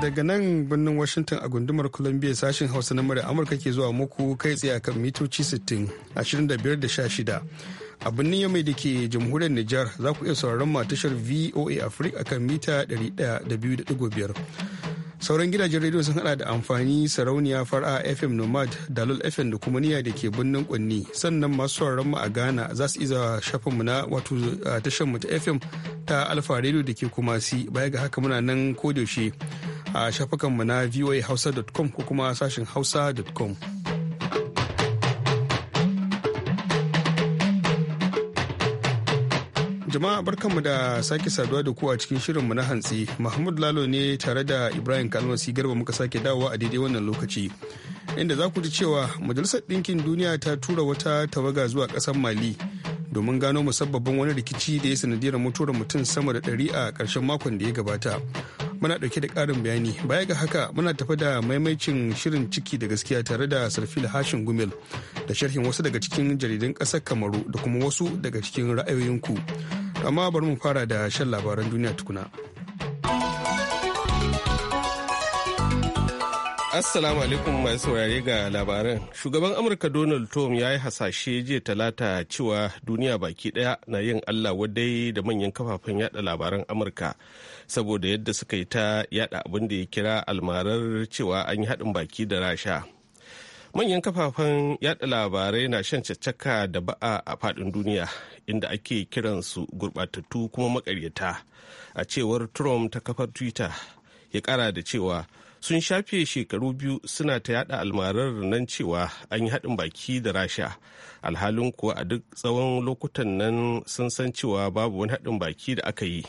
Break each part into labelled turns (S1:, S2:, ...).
S1: daga nan birnin washington a gundumar columbia sashen hausa na murya amurka ke zuwa muku kai tsaye akan mitoci 60 25 a birnin yamai da ke jamhuriyar nijar za ku iya sauraron tashar voa africa akan mita da biyar sauran gidajen rediyo sun hada da amfani sarauniya fara fm nomad dalol fm da kuma niya da ke birnin kunni sannan masu sauraron mu a ghana za su iza shafinmu na wato tashar mu ta fm ta alfa rediyo da ke kumasi baya ga haka muna nan kodayaushe a shafukanmu na voahausa.com ko kuma sashen hausa.com. Jama'a barkanmu da sake saduwa da ku a cikin shirinmu na hantsi. Mahmud Lalo ne tare da Ibrahim Kalmasi Garba muka sake dawowa a daidai wannan lokaci. Inda za ku ji cewa Majalisar Ɗinkin Duniya ta tura wata tawaga zuwa ƙasar Mali domin gano musabbabin wani rikici da ya sanadiyar mutuwar mutum sama da ɗari a ƙarshen makon da ya gabata. muna dauke da karin bayani baya ga haka muna tafi da maimaicin shirin ciki da gaskiya tare da sarfil hashin gumel da sharhin wasu daga cikin jaridun kasar kamaru da kuma wasu daga cikin ra'ayoyinku amma bari mu fara da shan labaran duniya tukuna. Assalamu alaikum masu saurare ga labaran. Shugaban
S2: Amurka Donald Trump ya yi hasashe jiya talata cewa duniya baki daya na yin Allah wadai da manyan kafafen yada labaran Amurka saboda yadda suka yi ta yada abin da ya kira almarar cewa an yi haɗin baki da rasha. Manyan kafafen yada labarai na shan caccaka da ba'a a faɗin duniya inda ake kiransu gurɓatattu kuma maƙaryata a cewar Trump ta kafar Twitter ya ƙara da cewa sun shafe shekaru biyu suna ta yada almarar nan cewa an yi haɗin baki da rasha alhalin kuwa a duk tsawon lokutan nan sun san cewa babu wani haɗin baki da aka yi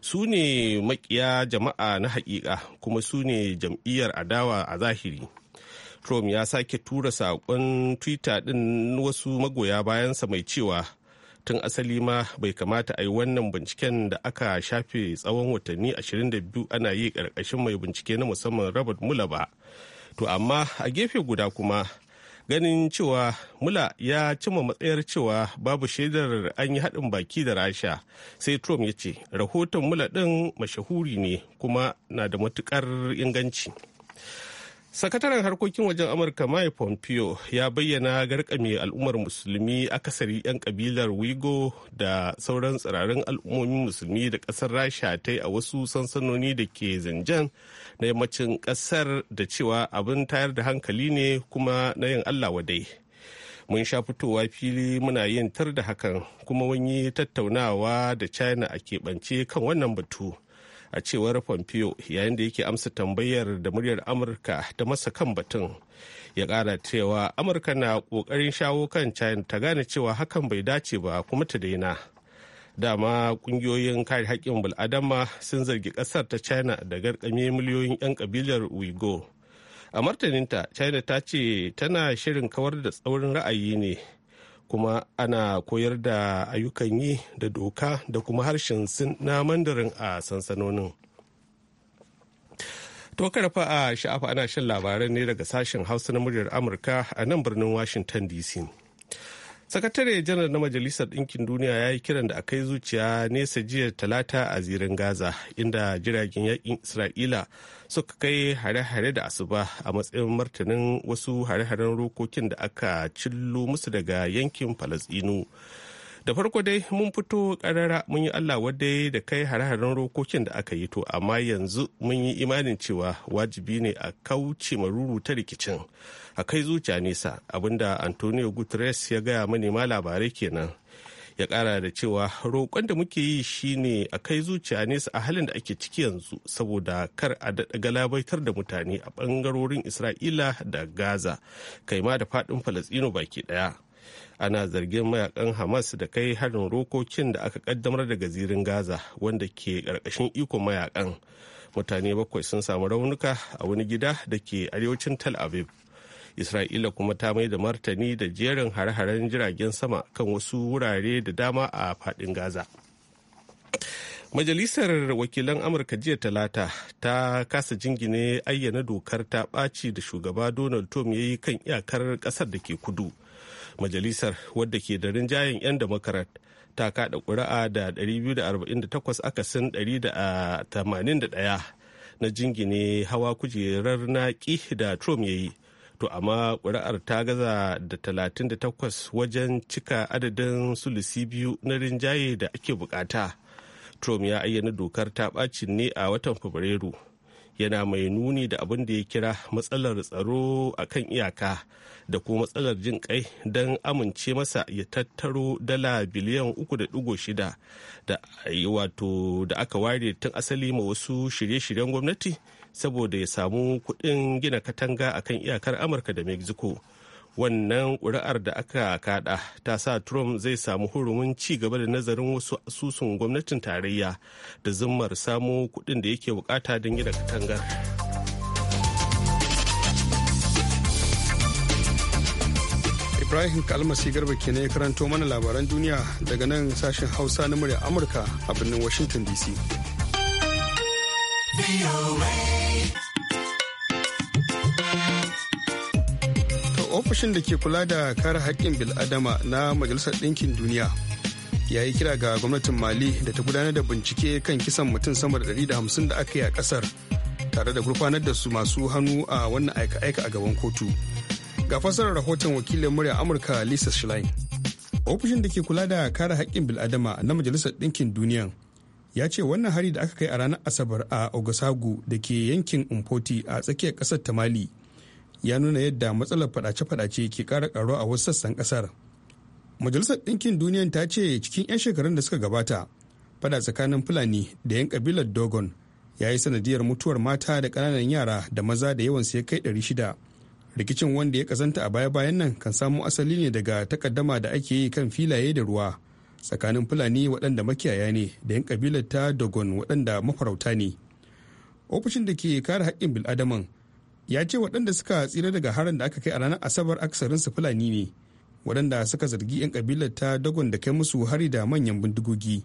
S2: su ne makiya jama'a na haƙiƙa kuma su ne jam'iyyar adawa a zahiri trump ya sake tura saƙon twitter ɗin wasu magoya bayansa mai cewa tun asali ma bai kamata a yi wannan binciken da aka shafe tsawon watanni 22 ana yi ƙarƙashin mai bincike na musamman robert mula ba to amma a gefe guda kuma ganin cewa mula ya cima matsayar cewa babu shaidar an yi haɗin baki da rasha sai trump ya ce rahoton mula ɗin mashahuri ne kuma na da matuƙar inganci sakataren harkokin wajen amurka mike pompeo ya bayyana garkame al'ummar musulmi akasari 'yan kabilar wigo da sauran tsirarin al'ummomin musulmi da kasar rasha ta a wasu sansanoni da ke zanjan na yammacin kasar da cewa abin tayar da hankali ne kuma na yin allah wadai mun sha fitowa fili muna yin tar da hakan kuma wani tattaunawa da china a keɓance kan wannan batu a cewar pompeo yayin da yake amsa tambayar da muryar amurka ta masa kan batun ya kara cewa amurka na kokarin shawo kan china ta gane cewa hakan bai dace ba kuma ta daina dama kungiyoyin kare haƙƙin bul'adama sun zargi ƙasar ta china da garkame miliyoyin 'yan kabilar uigo a martaninta china ta ce tana shirin kawar da tsaurin ra'ayi ne kuma ana koyar da ayyukan yi da doka da kuma harshen sin na mandarin a sansanonin to karfa a sha'afa ana shan labaran ne daga sashen hausa na muryar amurka a nan birnin washington dc sakatare janar na majalisar ɗinkin duniya ya yi kiran da aka yi zuciya nesa jiya talata a zirin gaza inda jiragen yakin isra'ila suka kai hare-hare da asuba a matsayin martanin wasu hare-haren rokokin da aka cillo musu daga yankin falasɗinu. da farko dai mun fito karara mun yi allah wadai da kai hare-haren rokokin da aka yi to amma yanzu mun yi imanin cewa wajibi ne a kauce maruru ta rikicin a kai zuciya nesa abinda antonio guterres ya gaya manema labarai kenan ya kara da cewa roƙon da muke yi shine a kai zuciya nesa a halin da ake ciki yanzu saboda kar a daɗa galabaitar da mutane a ɓangarorin isra'ila da gaza kai ma da faɗin falasɗino baki ɗaya ana zargin mayakan hamas da kai harin rokokin da aka kaddamar daga zirin gaza wanda ke ƙarƙashin ikon mayakan mutane bakwai sun samu raunuka a wani gida da ke arewacin tel aviv isra'ila kuma ta mai da martani da jerin hare-haren jiragen sama kan wasu wurare da dama a fadin gaza majalisar wakilan amurka jiya talata ta kasa jingine ayyana dokar ta ɓaci da shugaba donald trump ya yi kan iyakar ƙasar da ke kudu majalisar wadda ke da rinjayen 'yan democrat ta kada kuri'a da 248 akasin 181 na jingine hawa kujerar naki da trump ya yi to amma kuri'ar ta gaza da 38 wajen cika adadin sulusi biyu na rinjaye da ake bukata trump ya ayyana dokar ta ɓacin ne a watan fabrairu yana mai nuni da abin da ya kira matsalar tsaro a kan iyaka da kuma matsalar jin kai don amince masa ya tattaro dala biliyan 3.6 da eh, wato da aka ware tun asali ma wasu shirye-shiryen gwamnati saboda ya samu kuɗin gina katanga a kan iyakar amurka da mexico wannan ƙuri'ar da aka kada ta sa trump zai samu hurumin ci gaba da nazarin wasu asusun gwamnatin tarayya da zimmar samo kuɗin da yake bukata don gina katangar
S1: ibrahim kalmasi garba ke ya karanto mana labaran duniya daga nan sashen hausa na murya amurka a birnin washington dc ofishin da ke kula da kare haƙƙin bil'adama na majalisar ɗinkin duniya ya yi kira ga gwamnatin mali da ta gudanar da bincike kan kisan mutum sama da 150 da aka yi a kasar tare da gurfanar da su masu hannu a wannan aika-aika a gaban kotu ga fasarar rahoton wakilin murya amurka lisa schlein ofishin da ke kula da kare haƙƙin bil'adama na majalisar ɗinkin duniya ya ce wannan hari da aka kai a ranar asabar a ogosagu da ke yankin umfoti a tsakiyar ƙasar ta mali ya nuna yadda matsalar fadace-fadace ke kara karo a wasu sassan kasar. Majalisar Ɗinkin Duniyan ta ce cikin 'yan shekarun da suka gabata, fada tsakanin Fulani da 'yan kabilar Dogon ya yi sanadiyar mutuwar mata da ƙananan yara da maza da yawan ya kai ɗari shida. Rikicin wanda ya kazanta a baya-bayan nan kan samo asali ne daga takaddama da ake yi kan filaye da ruwa tsakanin Fulani waɗanda makiyaya ne da 'yan ƙabilar ta Dogon waɗanda mafarauta ne. Ofishin da ke kare haƙƙin bil'adaman ya ce waɗanda suka tsira daga harin da aka kai a ranar asabar aksarin su fulani ne waɗanda suka zargi 'yan kabilar ta dagon da kai musu hari da manyan bindigogi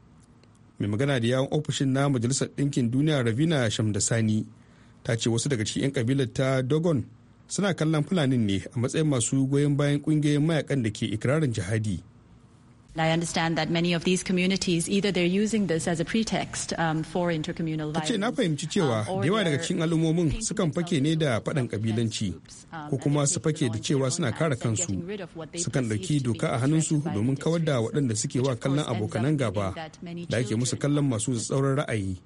S1: mai magana da yawon ofishin na majalisar ɗinkin duniya ravina shamdasani ta ce wasu daga cikin 'yan kabilar ta dogon suna kallon fulanin ne a matsayin masu goyon bayan ƙungiyoyin mayakan da ke ikirarin jihadi I understand that many of these communities either they're using this as a pretext um, for intercommunal violence. Tace na fahimci uh, cewa da yawa daga cikin al'ummomin sukan fake ne da faɗan kabilanci um, ko kuma su fake da cewa suna kare kansu
S2: sukan ɗauki
S1: doka a hannunsu domin kawar da waɗanda suke wa kallon abokanan gaba da ake musu kallon masu tsauran ra'ayi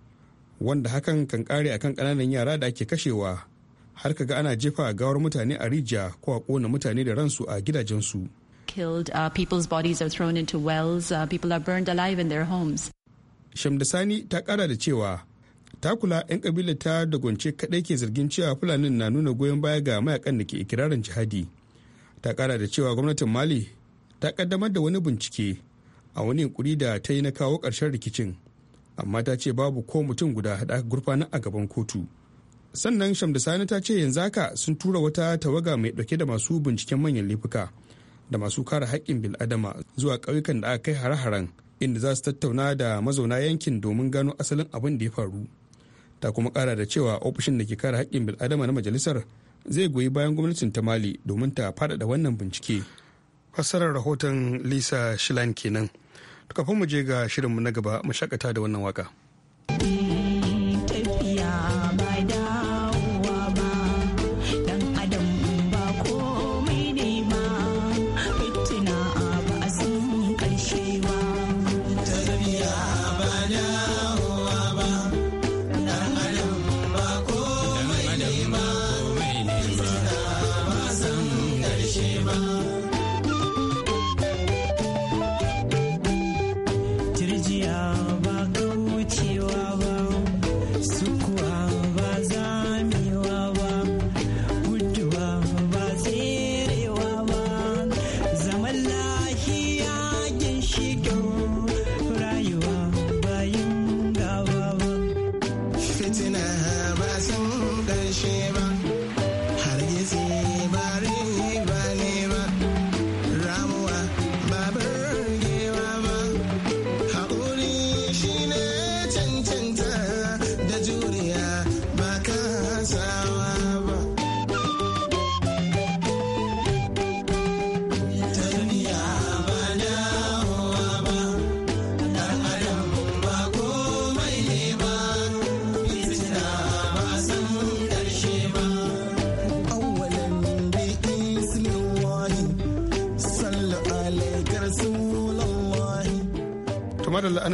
S1: wanda hakan kan kare akan ƙananan yara da ake kashewa har kaga ana jefa gawar mutane a rijiya ko a ƙona mutane da ransu a gidajensu. killed, uh, people's bodies are thrown into wells, uh, people are burned alive in their homes. Shamdasani ta kara da cewa ta kula 'yan kabilar ta dagonce kadai ke zargin cewa fulanin na nuna goyon baya ga mayakan da ke ikirarin jihadi. Ta kara da cewa gwamnatin Mali ta kaddamar da wani bincike a wani yunkuri da ta yi na kawo ƙarshen rikicin amma ta ce babu ko mutum guda haɗa gurfanin a gaban kotu sannan shamdasani ta ce yanzu haka sun tura wata tawaga mai ɗauke da masu binciken manyan laifuka da masu kare haƙƙin bil'adama zuwa ƙauyukan da aka kai hare-haren inda za su tattauna da mazauna yankin domin gano asalin abin da ya faru ta kuma ƙara da cewa ofishin da ke kare haƙƙin bil'adama na majalisar zai goyi bayan gwamnatin ta mali domin ta faɗaɗa wannan bincike fassarar rahoton lisa shilan kenan kafin mu je ga shirinmu na gaba mu shakata da wannan waka.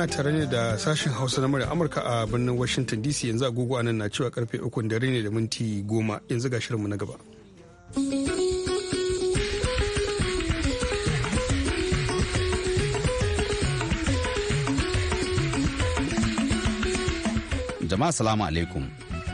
S1: ana tare ne da sashen hausa na murya amurka a birnin washington dc yanzu agogo nan na cewa karfe ukun dare ne da minti goma yanzu ga shirinmu na gaba
S3: jama'a salamu alaikum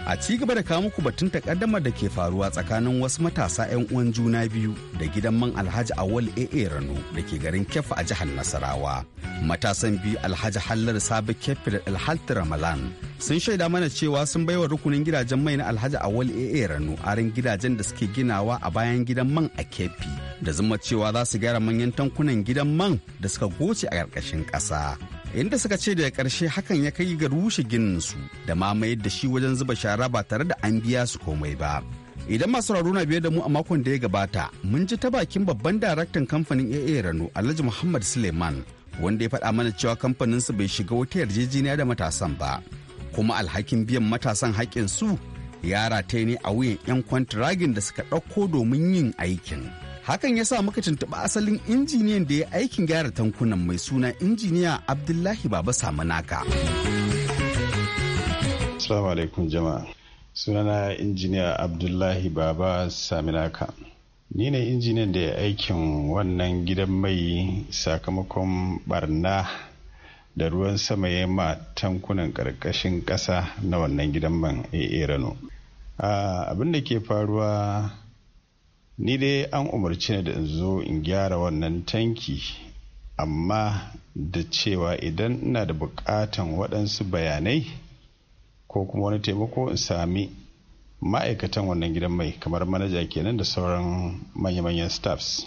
S3: a ci gaba da kawo muku batun takaddamar da ke faruwa tsakanin wasu matasa 'yan uwan juna biyu da gidan man alhaji awal aa rano da ke garin kefa a jihar nasarawa matasan biyu alhaji hallar sabi kefi da alhalti ramalan sun shaida mana cewa sun baiwa rukunin gidajen mai na alhaji awal aa rano arin gidajen da suke ginawa a bayan gidan man a kefi da zuma cewa za su gyara manyan tankunan gidan man da suka goce a ƙarƙashin ƙasa inda suka ce daga karshe hakan ya kai ga rushe ginin su da ma mayar da shi wajen zuba shara ba tare da an biya su komai ba idan masu na biye da mu a makon da ya gabata mun ji ta bakin babban daraktan kamfanin aa rano alhaji muhammad suleiman wanda ya faɗa mana cewa kamfanin su bai shiga wata yarjejeniya da matasan ba kuma alhakin biyan matasan haƙƙin su yara ta ne a wuyan 'yan kwantiragin da suka ɗauko domin yin aikin. hakan ya sa muka tuntuɓi asalin injiniyan da ya aikin gyara tankunan mai suna injiniya abdullahi baba samunaka
S4: assalamu alaikum jama'a sunana injiniya abdullahi baba saminaka ni ne injiniyan da ya aikin wannan gidan mai sakamakon barna da ruwan sama ya ma tankunan ƙarƙashin ƙasa na wannan gidan man a rano ah, abin da ke faruwa ni dai an umarci ni da in zo in gyara wannan tanki amma da cewa idan ina da bukatan waɗansu bayanai ko kuma wani taimako in sami ma'aikatan wannan gidan mai kamar manaja kenan da sauran manya-manyan staffs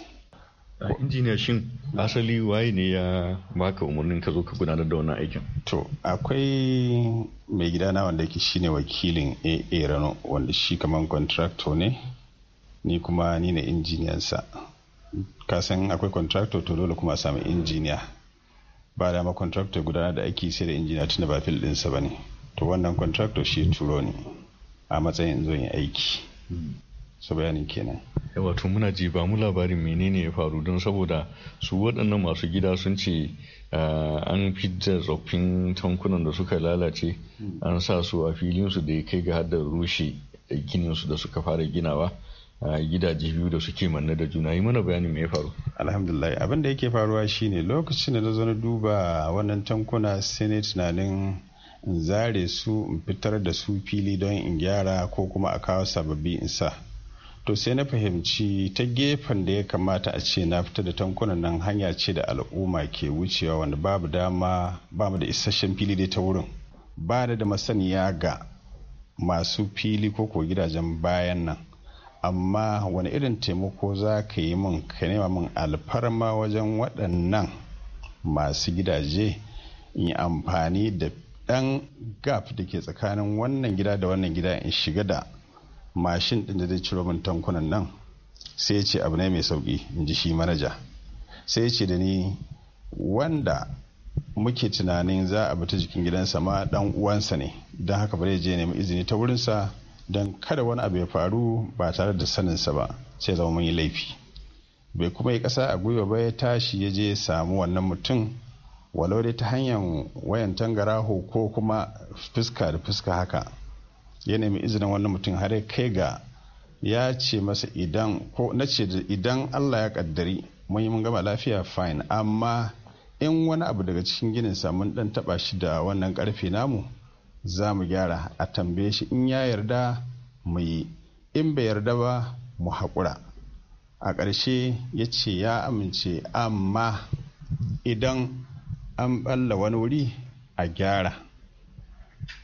S5: injiniya shin asali waye ne ya baka umarnin ka zo ka gudanar da wannan aikin to
S4: akwai mai gidana wanda yake shine wakilin aa rano wanda shi kamar contractor ne ni kuma ni na injiniyansa ka san akwai contractor to dole kuma a samu injiniya ba da ma contractor gudanar da aiki sai da injiniya tunda ba fil ɗinsa ba ne to wannan contractor shi turo ne a matsayin zo yin
S5: aiki su bayanin kenan wato muna ji ba mu labarin menene ya faru don saboda su waɗannan masu gida sun ce eh, an fidda tsoffin tankunan da suka lalace an sa su a filin su da ya kai ga haddar rushe ginin su da suka fara ginawa gidaje biyu da suke manne da juna yi mana bayani me faru
S4: alhamdulillah abin da yake faruwa shine lokacin da na zo na duba wannan tankuna sai na tunanin in zare su in fitar da su fili don in gyara ko kuma a kawo sababbi in sa to sai na fahimci ta gefen da ya kamata a ce na fita da tankunan nan hanya ce da al'umma ke wucewa wanda babu dama bamu da isasshen fili dai ta wurin ba da masaniya ga masu fili ko ko gidajen bayan nan amma wani irin taimako za ka yi min ka nema min alfarma wajen waɗannan masu gidaje in yi amfani da ɗan gap da ke tsakanin wannan gida da wannan gida in shiga da mashin ɗin da zai ciro min tankunan nan sai ya ce abu ne mai sauƙi in ji shi manaja sai ce da ni wanda muke tunanin za a bi ta jikin gidansa ma ɗan uwansa ne don haka ba zai je nemi izini ta wurinsa don kada wani abu ya faru ba tare da saninsa ba sai zama mun yi laifi bai kuma yi ƙasa a gwiwa ba ya tashi ya je samu wannan mutum walau dai ta hanyar wayan tangaraho ko kuma fuska da fuska haka ya nemi izinin wannan mutum har ya kai ga ya ce masa idan ko na ce idan allah ya kaddari mun yi mun gama lafiya fine amma in wani abu daga cikin ginin samun dan taba shi da wannan karfe namu za mu gyara a tambaye shi in ya yarda mu yi in bai yarda ba mu haƙura a ƙarshe ya ce ya amince amma idan an ɓalla wani wuri a gyara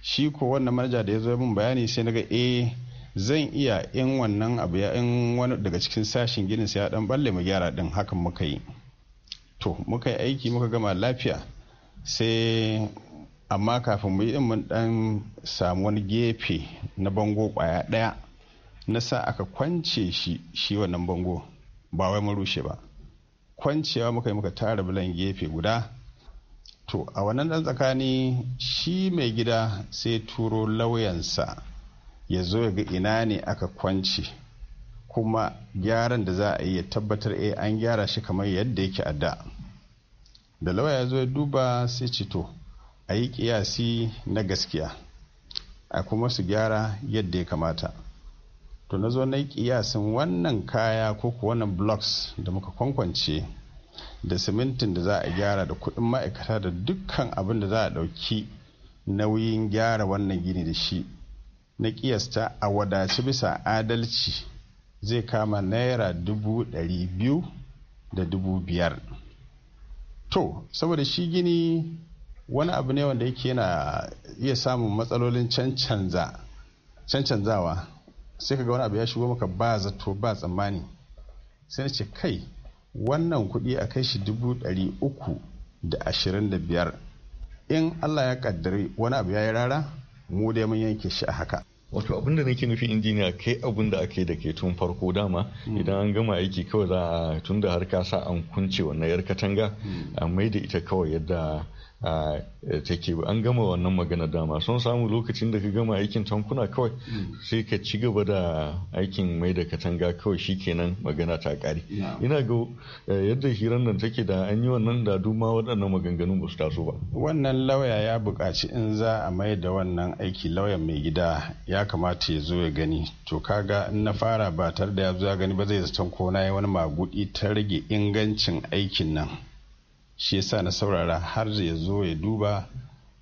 S4: shi ko wannan manaja da ya zo min bayani sai na ga eh zan iya in wannan abu ya in wani daga cikin sashin ginin sai ya dan balle mu gyara din hakan muka yi to muka yi aiki muka gama lafiya sai amma kafin mu yi mun dan samu wani gefe na bango kwaya daya na sa aka kwance shi shi wannan bango ba wai mun rushe ba kwancewa muka yi muka tara bilan gefe guda to a wannan dan tsakani shi mai gida sai turo lauyansa ya zo ya ga ina ne aka kwance kuma gyaran da za a yi ya tabbatar eh an gyara shi kamar yadda yake adda da da lauya ya zo ya duba sai ce to a yi kiyasi na gaskiya a kuma su gyara yadda ya kamata to na zo na yi kiyasin wannan kaya ko kuwa wannan blocks da muka kwankwance da simintin da za a gyara da kuɗin ma'aikata da dukkan abin da za a ɗauki nauyin gyara wannan gini da shi na kiyasta a wadaci bisa adalci zai kama naira dubu ɗari biyu da dubu biyar to saboda shi gini wani abu ne wanda yake yana iya samun matsalolin cancanzawa sai ka ga wani abu ya shigo maka ba zato ba tsammani sai na ce kai wannan kudi a kai shi dubu ɗari uku da ashirin da biyar in allah ya kaddari wani abu ya yi rara mu dai mun yanke shi a haka
S5: wato abin da nake nufi injiniya kai abin da ake da ke tun farko dama hmm. idan an gama aiki kawai za a tun da har ka sa an kunce wannan yar katanga hmm. a mai da ita kawai yadda Eh, take an gama wannan magana dama sun samu lokacin da ka gama aikin tankuna kawai mm. sai ka ci gaba da aikin mai da katanga kawai shi kenan magana ta kare ina ga eh, yadda hirar nan take da an yi wannan da duma waɗannan maganganun ba su taso ba
S4: wannan lauya ya buƙaci in za a mai da wannan aiki lauyan mai gida ya kamata ya zo ya gani to kaga in na fara ba tare da ya zo ya gani ba zai zaton ko na yi wani magudi ta rage ingancin aikin nan shi yasa na saurara har ya zo ya duba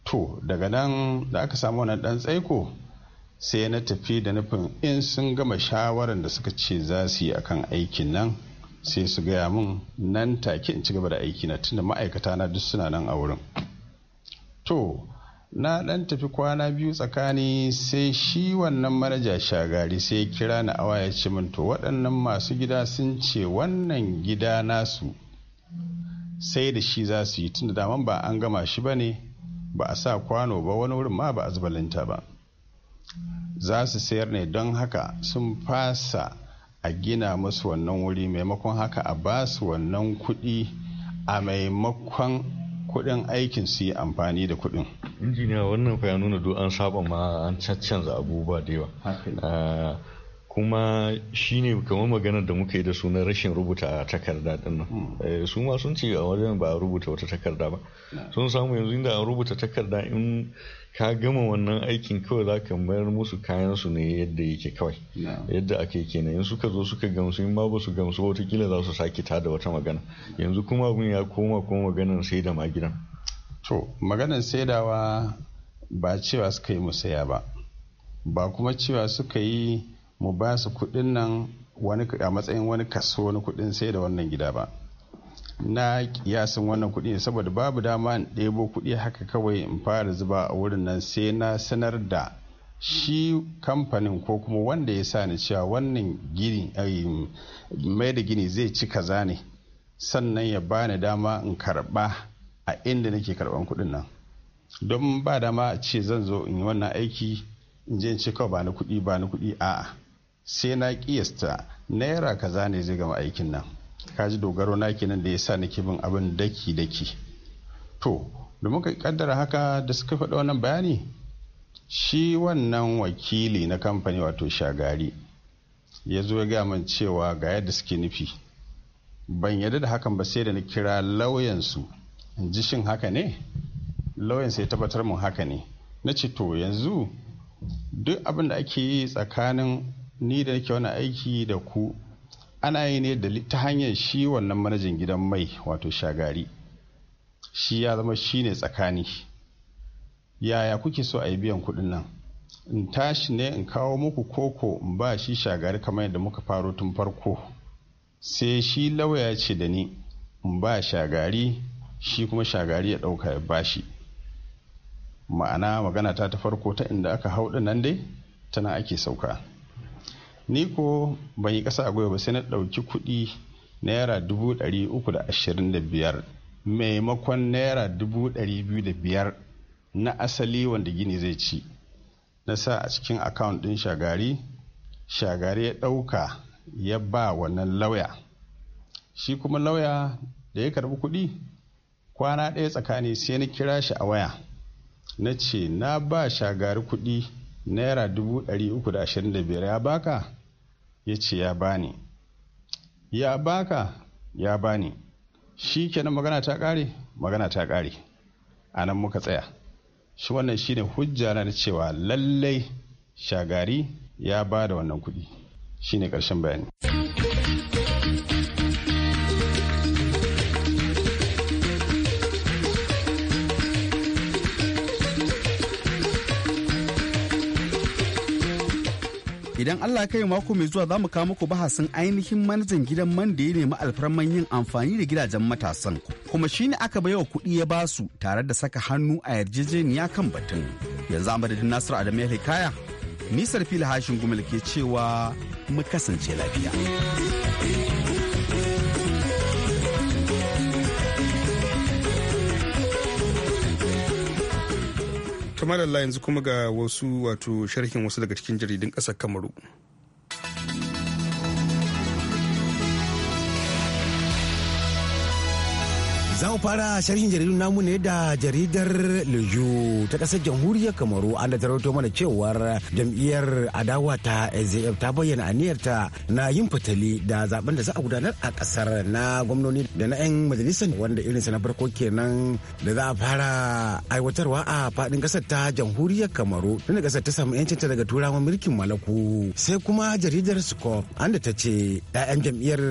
S4: to daga nan da aka samu wannan dan tsaiko sai na tafi da nufin in sun gama shawaran da suka ce za su yi akan aikin nan sai su gaya min nan take in ci gaba da aiki na tunda ma'aikata na duk suna nan a wurin to na dan tafi kwana biyu tsakani sai shi wannan manaja shagari sai kira ni awa ya ce min to waɗannan masu gida sun ce wannan gida nasu sai da shi za su yi da daman ba an gama shi ba ne ba a sa kwano ba wani wurin ma ba a zubalinta ba za su sayar ne don haka sun fasa a gina musu wannan wuri maimakon haka a ba su wannan kuɗi a maimakon kuɗin aikin su yi amfani da kuɗin.
S5: injiniya wannan fa ya nuna duk an saba ma an caccanza abubuwa da yawa kuma shine kamar maganar da muka yi da su rashin rubuta a takarda din nan hmm. eh, su ma sun ce a wajen ba a rubuta wata takarda ba hmm. sun samu yanzu inda an rubuta takarda in ka gama wannan aikin kawai za ka mayar musu kayansu su ne yadda yake kawai hmm. yadda aka yi kenan in suka zo suka gamsu in ma ba su gamsu watakila za su sake tada wata magana yanzu kuma abin ya koma kuma maganar sai da magidan to maganar saidawa
S4: ba cewa suka yi musaya ba ba kuma cewa suka yi mu ba su kuɗin nan a matsayin wani kaso wani kuɗin sai da wannan gida ba na kiyasin wannan kuɗi saboda babu dama in ɗebo kuɗi haka kawai in fara zuba a wurin nan sai na sanar da shi kamfanin ko kuma wanda ya sa ni cewa wannan gini mai da gini zai ci kaza ne sannan ya bani dama in karba a inda nake karban kuɗin nan don ba dama a ce zan zo in yi wannan aiki in je in ce kawai ba ni kuɗi ba ni kuɗi a'a sai na kiyasta naira kaza ne zai gama aikin nan ji dogaro na kenan da ya sa ni bin abin daki daki to da muka kaddara haka da suka faɗa wannan bayani shi wannan wakili na kamfani wato shagari ya zo ya gaman cewa ga yadda suke nufi ban yadda da hakan ba sai da na kira lauyansu in ji shin haka ne lauyansu ya tabbatar mun haka ne na ce to yanzu duk abin da ake yi tsakanin ni da nake wani aiki da ku ana yi ne da ta hanyar shi wannan manajan gidan mai wato shagari shi ya zama shi ne tsakani yaya kuke so a yi biyan kuɗin nan in tashi ne in kawo muku koko in ba shi shagari kamar yadda muka faro tun farko sai shi lauya ce da ni in ba shagari shi kuma shagari ya ɗauka ya ba shi ma'ana magana ta ta farko ta inda aka hau nan dai tana ake sauka ni ko ban yi ƙasa a ba sai na ɗauki kuɗi naira dubu ɗari uku da ashirin da biyar maimakon naira dubu ɗari biyu da biyar na asali wanda gini zai ci na sa a cikin akawun ɗin shagari shagari ya ɗauka ya ba wannan lauya shi kuma lauya da ya karɓi kuɗi kwana ɗaya tsakani sai na kira shi a waya na ce na ba shagari kuɗi naira dubu ɗari uku da ashirin da biyar ya baka ya ce ya bani ya baka ya bani shi kenan magana ta ƙare magana ta ƙare a nan muka tsaya shi wannan shine hujja na cewa lallai shagari ya ba da wannan kuɗi shine ƙarshen bayani
S3: idan Allah ya kai mako mai zuwa za mu kawo muku bahasin ainihin manajan gidan man da ya nemi alfarman yin amfani da gidajen matasan kuma shi ne aka baiwa kuɗi ya basu tare da saka hannu a yarjejeniya kan batun yanzu a madadin Nasiru Adamu ya kaya nisar fili hashin gumil ke cewa mu kasance lafiya.
S1: kamar Allah yanzu kuma ga wasu wato sharhin wasu daga cikin jaridun ƙasar Kamaru.
S6: Za mu fara sharhin jaridun namu ne da jaridar Leju ta ƙasar jamhuriyar Kamaru an da tarauto mana cewar jam'iyyar adawa ta SAF ta bayyana aniyarta na yin fatali da zaben da za a gudanar a ƙasar na gwamnoni da na 'yan majalisar wanda irin na farko kenan da za a fara aiwatarwa a fadin kasar ta jamhuriyar Kamaru tunda kasar ta samu ta daga turawan mulkin malaku sai kuma jaridar Scope an da ta ce 'ya'yan jam'iyyar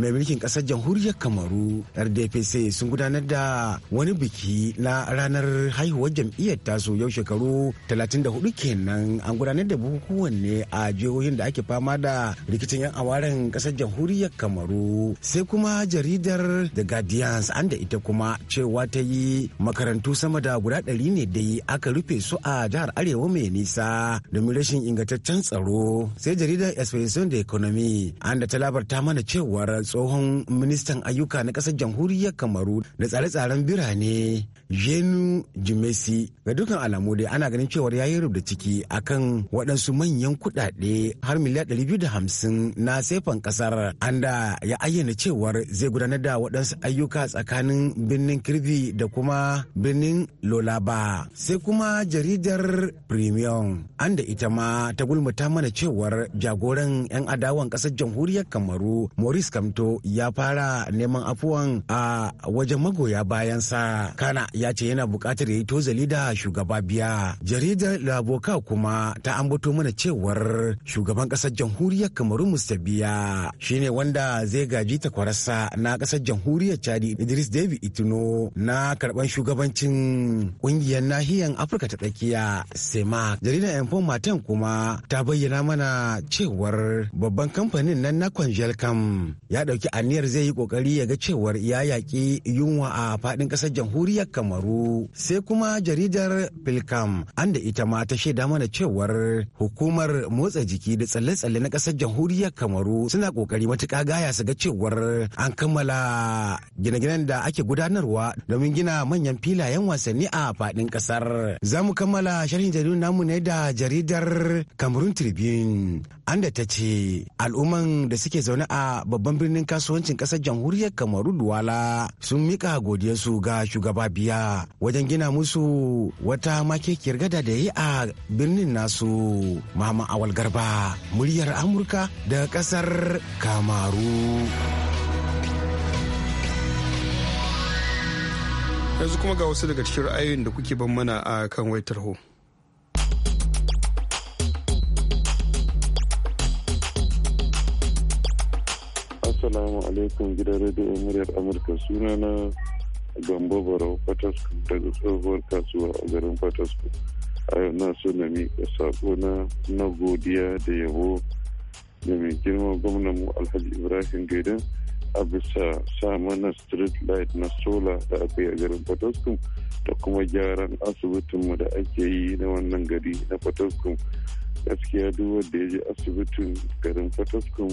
S6: mai mulkin ƙasar jamhuriyar Kamaru RDPC sun gudanar da wani biki na ranar haihuwar jam'iyyar tasu yau shekaru 34 kenan an gudanar da bukukuwan ne a jihohin da ake fama da rikicin 'yan awaren kasar jamhuriyar kamaru sai kuma jaridar the guardians an da ita kuma cewa ta yi makarantu sama da guda ɗari ne dai aka rufe su a jihar arewa mai nisa domin rashin ingantaccen tsaro sai jaridar expression da economy an da ta labarta mana cewar tsohon ministan ayyuka na kasar jamhuriyar kamaru labaru da tsare-tsaren birane jenu jimesi ga dukkan alamu dai ana ganin cewar ya yi rubda ciki akan waɗansu manyan kuɗaɗe har miliyan 250 na sefan ƙasar anda ya ayyana cewar zai gudanar da waɗansu ayyuka tsakanin birnin kirbi da kuma birnin lolaba sai kuma jaridar premium anda ita ma ta gulmata mana cewar jagoran 'yan adawan ƙasar jamhuriyar kamaru maurice kamto ya fara neman afuwan a wajen magoya bayansa kana ya ce yana buƙatar ya yi tozali da shugaba biya jaridar laboka kuma ta ambato mana cewar shugaban ƙasar jamhuriyar kamaru musta biya shine wanda zai gaji takwararsa na ƙasar jamhuriyar chadi idris david itino na karɓar shugabancin ƙungiyar nahiyar afirka ta tsakiya sema jaridar info matan kuma ta bayyana mana cewar babban kamfanin nan na kwanjelkam ya ɗauki aniyar zai yi ƙoƙari ya ga cewar ya yaƙi yunwa a faɗin ƙasar jamhuriyar kamaru al'amaru sai kuma jaridar pilkam an da ita ma ta shaida mana cewar hukumar motsa jiki da tsalle-tsalle na ƙasar jamhuriyar kamaru suna ƙoƙari matuka gaya su ga cewar an kammala gine-ginen da ake gudanarwa domin gina manyan filayen wasanni a faɗin ƙasar za mu kammala sharhin jaridun namu ne da jaridar cameroon tribune Anda da ta ce al'umman da suke zaune a babban birnin kasuwancin kasar jamhuriyar kamaru duwala sun mika godiyarsu ga shugaba biya wajen gina musu wata makekiyar gada da yi a birnin nasu mama awal garba muryar amurka da kasar kamaru
S1: yanzu kuma ga wasu daga cikin ra'ayoyin da kuke ban mana a kan waitar ho.
S5: Assalamu alaikum gidan rediyo muryar Amurka suna na Gambo Barau Fatasku daga tsohuwar kasuwa a garin Fatasku. A yau na so na miƙa sako na na godiya da yabo da mai girma gwamnan mu Alhaji Ibrahim Gaidan a bisa sa mana street light na sola da aka yi a garin Fatasku da kuma gyaran asibitinmu da ake yi na wannan gari na Fatasku. gaskiya duk wanda ya je asibitin garin fataskun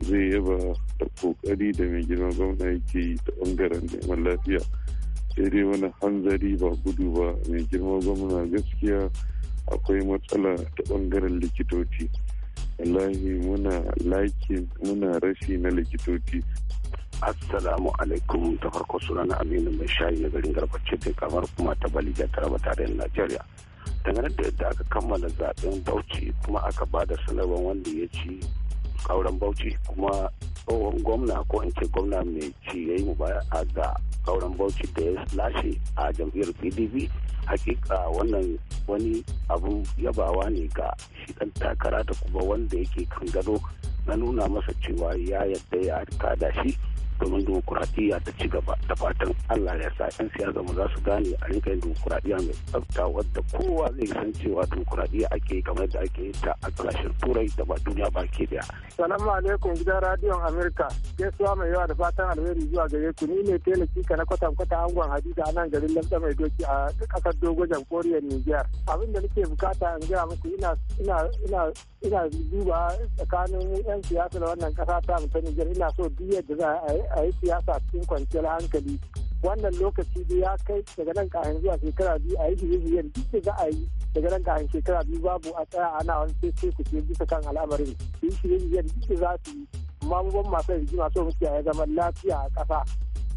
S5: zai yaba da kokari da mai girma gwamna yake yi ta bangaren neman lafiya sai dai wani hanzari ba gudu ba mai girma gwamna gaskiya akwai matsala ta bangaren likitoci wallahi muna laki muna rashi na likitoci assalamu
S6: alaikum ta farko sunana aminu mai shayi na garin garbace da kamar kuma ta bali da tare najeriya dangane da yadda aka kammala zaben bauchi kuma aka ba da sanarwar wanda ya ci kauren bauchi kuma tsohon gwamna ko in ce gwamna mai ci ya yi a ga kauren bauchi da ya lashe a jam'iyyar pdp hakika wannan wani abun yabawa ne ga shi dan takara da kuma wanda yake kan gado na nuna masa cewa ya yadda ya kada shi domin dimokuraɗiyya ta ci gaba da fatan Allah ya sa 'yan siyasa mu za su gane a rinka yin demokuraɗiyya mai tsafta wadda kowa zai san cewa dimokuraɗiyya ake kamar da ake ta a ƙasashen turai da ba duniya ba ke daya. Salamu alaikum gidan radiyon Amerika gaisuwa mai yawa da fatan alheri zuwa gare ku ni ne Tele kika na kwatan kwata angon Hadiza a nan garin Lamsa mai doki a ƙasar dogojan koriya Nijar. Abin da nake bukata in gaya muku ina ina ina ina duba tsakanin 'yan siyasa da wannan kasa ta mutane ta Nijar ina so duk yadda za a yi a yi siyasa cikin kwanciyar hankali wannan lokaci da ya kai daga nan kahin zuwa shekara biyu a yi shirye duk da za a yi daga nan kahin shekara biyu babu a tsaya ana wani sai ku ce bisa kan al'amarin su yi shirye-shiryen duk za su yi amma mu ban masu rigima so muke kiyaye zaman lafiya a ƙasa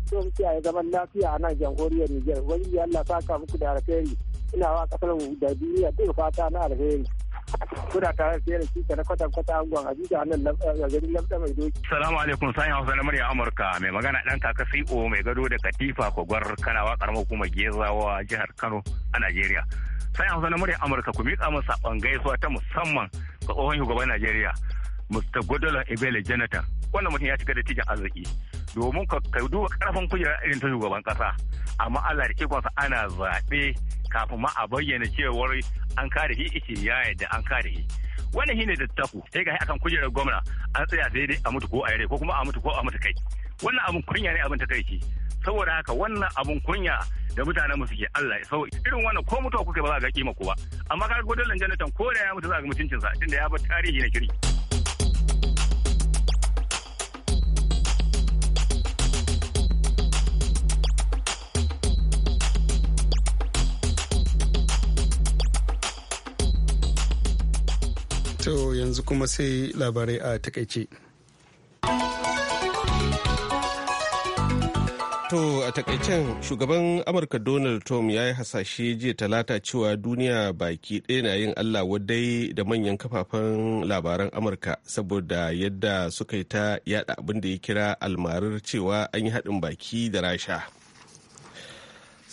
S6: so muke kiyaye zaman lafiya a nan jamhuriyar Nijar wani ya Allah saka muku da alheri ina wa kasar da duniya duk fata na alheri. Kuna tare da da shi na kwata kwata angon abuja eh, nan garin lamɗa mai doki salamu alaikum sani hausa na murya amurka mai magana ɗan kaka sio e mai gado da katifa kogwar kanawa karamar hukumar gezawa jihar kano a najeriya Sani hausa na murya amurka ku miƙa masa saƙon gaisuwa ta musamman ga tsohon shugaban najeriya mr Godola ebele jonathan wannan mutum ya cika da tijan arziki domin ka duba karfin kujera irin ta shugaban kasa amma Allah da ikonsa ana zaɓe kafin ma a bayyana cewar an kare shi ice ya yadda an kare shi wannan shine da taku sai ga akan kujerar gwamna an tsaya dai a mutu ko a yare ko kuma a mutu ko a mutu kai wannan abun kunya ne abin takaici saboda haka wannan abun kunya da mutanen mu suke Allah sau irin wannan ko mutuwa kuka ba za ga kima ku ba amma ga gudun lanjanatan ko da ya mutu za ga mutuncin sa tunda ya bar tarihi na kirki
S1: To yanzu kuma sai labarai a takaice.
S2: To a takaicen shugaban Amurka Donald Trump ya yi hasashe jiya talata cewa duniya baki ɗaya na yin Allah wadai da manyan kafafen labaran Amurka saboda yadda suka yi ta yada abin da ya kira almarar cewa an yi haɗin baki da rasha.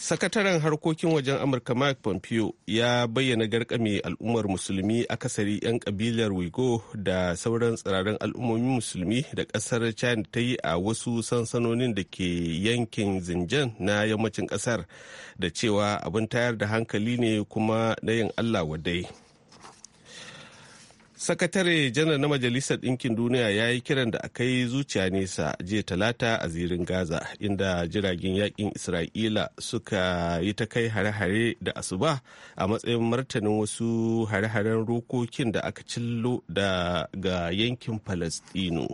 S2: sakataren harkokin wajen amurka mike pompeo ya bayyana garkame al'ummar musulmi akasari 'yan kabilar wigo da sauran tsirarin al'ummomin musulmi da kasar china ta yi a wasu sansanonin da ke yankin zinjan na yammacin kasar da cewa abin tayar da hankali ne kuma na yin allah wadai sakatare janar na majalisar ɗinkin duniya ya yi kiran da aka yi zuciya nesa jiya talata a zirin gaza inda jiragen yakin isra'ila suka yi ta kai hare-hare da asuba a matsayin martanin wasu hare-haren rokokin da aka cillo daga yankin falastinu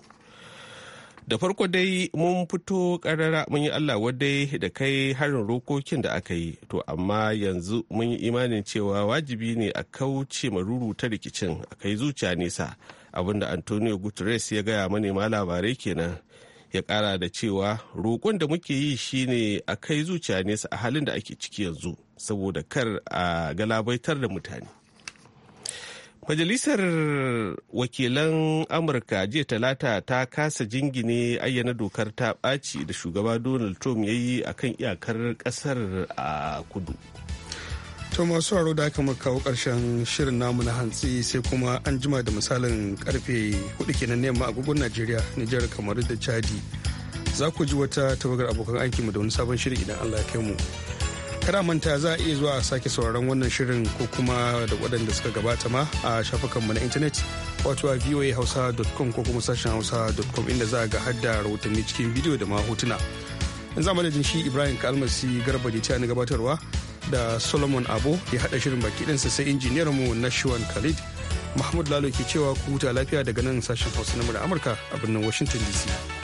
S2: da farko dai mun fito karara mun yi allah wadai da kai harin rokokin da aka yi to amma yanzu mun yi imanin cewa wajibi ne a kauce maruru ta rikicin a kai zuciya nesa abinda antonio guterres ya gaya manema labarai kenan ya kara da cewa roƙon da muke yi shine a kai zuciya nesa a halin da ake ciki yanzu saboda kar a galabaitar da mutane Majalisar wakilan Amurka jiya talata ta kasa jingine ayyana dokar ta ɓaci da shugaba Donald Trump ya yi a kan iyakar ƙasar
S1: a kudu. To masu haro da aka kawo ƙarshen shirin namu na hantsi sai kuma an jima da misalin karfe hudu kenan nema agogon Najeriya, Nijar, kamar da Chadi. Za ku ji wata tabagar abokan mu da wani sabon shirin idan Allah ya kai mu. kada manta za a iya zuwa a sake sauraron wannan shirin ko kuma da waɗanda suka gabata ma a shafukanmu na intanet wato a voahausa.com ko kuma sashen hausa.com inda za a ga hadda rahotanni cikin bidiyo da ma hotuna in za madadin shi ibrahim kalmasi garba da ta gabatarwa da solomon abo ya haɗa shirin baki ɗinsa sai injiniyarmu na shiwan khalid mahmud lalo ke cewa ku huta lafiya daga nan sashen hausa na amurka a birnin washington dc